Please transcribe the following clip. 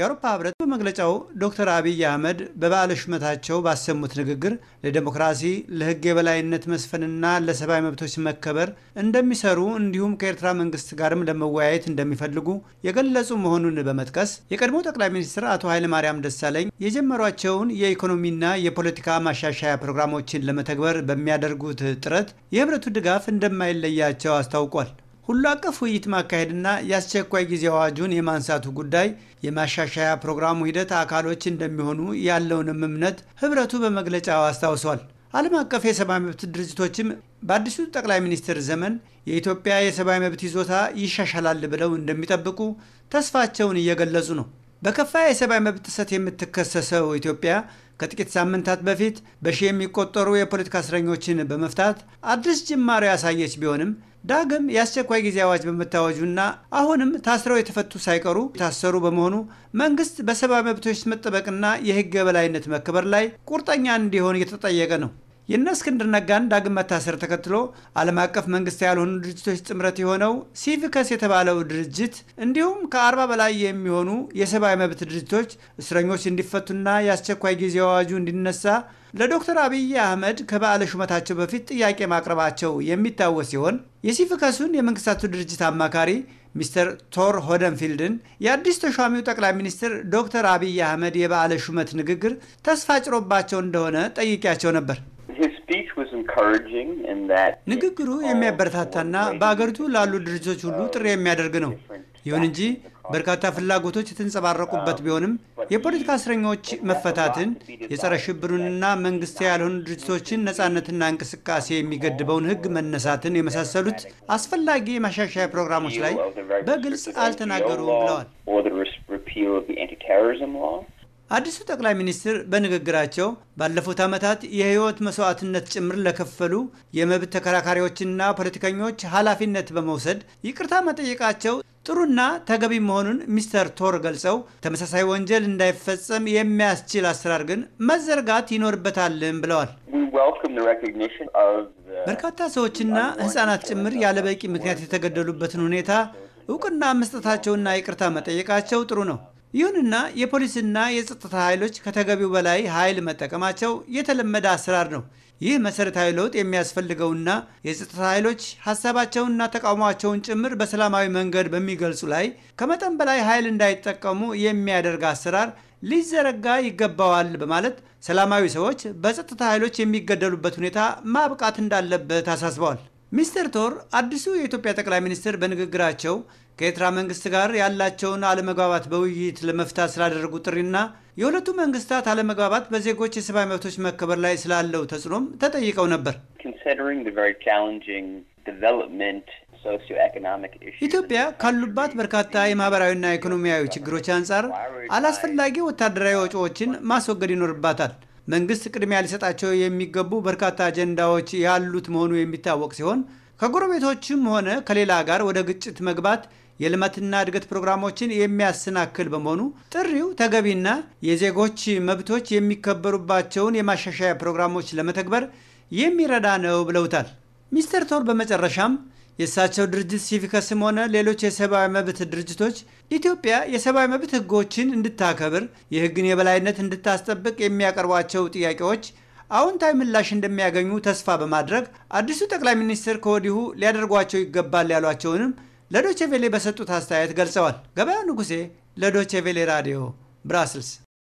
የአውሮፓ ህብረት በመግለጫው ዶክተር አብይ አህመድ በበዓለ ሹመታቸው ባሰሙት ንግግር ለዴሞክራሲ ለህግ የበላይነት መስፈንና ለሰብአዊ መብቶች መከበር እንደሚሰሩ እንዲሁም ከኤርትራ መንግስት ጋርም ለመወያየት እንደሚፈልጉ የገለጹ መሆኑን በመጥቀስ የቀድሞ ጠቅላይ ሚኒስትር አቶ ኃይለማርያም ደሳለኝ የጀመሯቸውን የኢኮኖሚና የፖለቲካ ማሻሻያ ፕሮግራሞችን ለመተግበር በሚያደርጉት ጥረት የህብረቱ ድጋፍ እንደማይለያቸው አስታውቋል። ሁሉ አቀፍ ውይይት ማካሄድና የአስቸኳይ ጊዜ አዋጁን የማንሳቱ ጉዳይ የማሻሻያ ፕሮግራሙ ሂደት አካሎች እንደሚሆኑ ያለውንም እምነት ህብረቱ በመግለጫው አስታውሷል። ዓለም አቀፍ የሰብአዊ መብት ድርጅቶችም በአዲሱ ጠቅላይ ሚኒስትር ዘመን የኢትዮጵያ የሰብአዊ መብት ይዞታ ይሻሻላል ብለው እንደሚጠብቁ ተስፋቸውን እየገለጹ ነው። በከፋ የሰብአዊ መብት ጥሰት የምትከሰሰው ኢትዮጵያ ከጥቂት ሳምንታት በፊት በሺ የሚቆጠሩ የፖለቲካ እስረኞችን በመፍታት አዲስ ጅማሬ ያሳየች ቢሆንም ዳግም የአስቸኳይ ጊዜ አዋጅ በመታወጁና አሁንም ታስረው የተፈቱ ሳይቀሩ የታሰሩ በመሆኑ መንግስት በሰብአዊ መብቶች መጠበቅና የህግ የበላይነት መከበር ላይ ቁርጠኛ እንዲሆን እየተጠየቀ ነው። የእነ እስክንድር ነጋን ዳግም መታሰር ተከትሎ ዓለም አቀፍ መንግስት ያልሆኑ ድርጅቶች ጥምረት የሆነው ሲቪከስ የተባለው ድርጅት እንዲሁም ከአርባ በላይ የሚሆኑ የሰብአዊ መብት ድርጅቶች እስረኞች እንዲፈቱና የአስቸኳይ ጊዜ አዋጁ እንዲነሳ ለዶክተር አብይ አህመድ ከበዓለ ሹመታቸው በፊት ጥያቄ ማቅረባቸው የሚታወስ ሲሆን የሲቪከሱን የመንግስታቱ ድርጅት አማካሪ ሚስተር ቶር ሆደንፊልድን የአዲስ ተሿሚው ጠቅላይ ሚኒስትር ዶክተር አብይ አህመድ የበዓለ ሹመት ንግግር ተስፋ ጭሮባቸው እንደሆነ ጠይቄያቸው ነበር። ንግግሩ የሚያበረታታና በአገሪቱ ላሉ ድርጅቶች ሁሉ ጥሪ የሚያደርግ ነው። ይሁን እንጂ በርካታ ፍላጎቶች የተንጸባረቁበት um, ቢሆንም የፖለቲካ እስረኞች መፈታትን፣ የጸረ ሽብሩንና መንግስት ያልሆኑ ድርጅቶችን ነጻነትና እንቅስቃሴ የሚገድበውን ሕግ መነሳትን የመሳሰሉት አስፈላጊ የማሻሻያ ፕሮግራሞች ላይ በግልጽ አልተናገሩም ብለዋል። አዲሱ ጠቅላይ ሚኒስትር በንግግራቸው ባለፉት ዓመታት የህይወት መስዋዕትነት ጭምር ለከፈሉ የመብት ተከራካሪዎችና ፖለቲከኞች ኃላፊነት በመውሰድ ይቅርታ መጠየቃቸው ጥሩና ተገቢ መሆኑን ሚስተር ቶር ገልጸው ተመሳሳይ ወንጀል እንዳይፈጸም የሚያስችል አሰራር ግን መዘርጋት ይኖርበታልም ብለዋል። በርካታ ሰዎችና ህጻናት ጭምር ያለበቂ ምክንያት የተገደሉበትን ሁኔታ እውቅና መስጠታቸውና ይቅርታ መጠየቃቸው ጥሩ ነው። ይሁንና የፖሊስና የጸጥታ ኃይሎች ከተገቢው በላይ ኃይል መጠቀማቸው የተለመደ አሰራር ነው። ይህ መሰረታዊ ለውጥ የሚያስፈልገውና የጸጥታ ኃይሎች ሀሳባቸውንና ተቃውሟቸውን ጭምር በሰላማዊ መንገድ በሚገልጹ ላይ ከመጠን በላይ ኃይል እንዳይጠቀሙ የሚያደርግ አሰራር ሊዘረጋ ይገባዋል በማለት ሰላማዊ ሰዎች በጸጥታ ኃይሎች የሚገደሉበት ሁኔታ ማብቃት እንዳለበት አሳስበዋል። ሚስተር ቶር አዲሱ የኢትዮጵያ ጠቅላይ ሚኒስትር በንግግራቸው ከኤርትራ መንግስት ጋር ያላቸውን አለመግባባት በውይይት ለመፍታት ስላደረጉ ጥሪና የሁለቱ መንግስታት አለመግባባት በዜጎች የሰብአዊ መብቶች መከበር ላይ ስላለው ተጽዕኖም ተጠይቀው ነበር። ኢትዮጵያ ካሉባት በርካታ የማህበራዊና ኢኮኖሚያዊ ችግሮች አንጻር አላስፈላጊ ወታደራዊ ወጪዎችን ማስወገድ ይኖርባታል። መንግስት ቅድሚያ ሊሰጣቸው የሚገቡ በርካታ አጀንዳዎች ያሉት መሆኑ የሚታወቅ ሲሆን ከጎረቤቶችም ሆነ ከሌላ ጋር ወደ ግጭት መግባት የልማትና እድገት ፕሮግራሞችን የሚያሰናክል በመሆኑ ጥሪው ተገቢና የዜጎች መብቶች የሚከበሩባቸውን የማሻሻያ ፕሮግራሞች ለመተግበር የሚረዳ ነው ብለውታል ሚስተር ቶር በመጨረሻም የእሳቸው ድርጅት ሲቪከስም ሆነ ሌሎች የሰብአዊ መብት ድርጅቶች ኢትዮጵያ የሰብአዊ መብት ህጎችን እንድታከብር፣ የህግን የበላይነት እንድታስጠብቅ የሚያቀርቧቸው ጥያቄዎች አዎንታዊ ምላሽ እንደሚያገኙ ተስፋ በማድረግ አዲሱ ጠቅላይ ሚኒስትር ከወዲሁ ሊያደርጓቸው ይገባል ያሏቸውንም ለዶቼ ቬሌ በሰጡት አስተያየት ገልጸዋል። ገበያው ንጉሴ ለዶቼ ቬሌ ራዲዮ ብራስልስ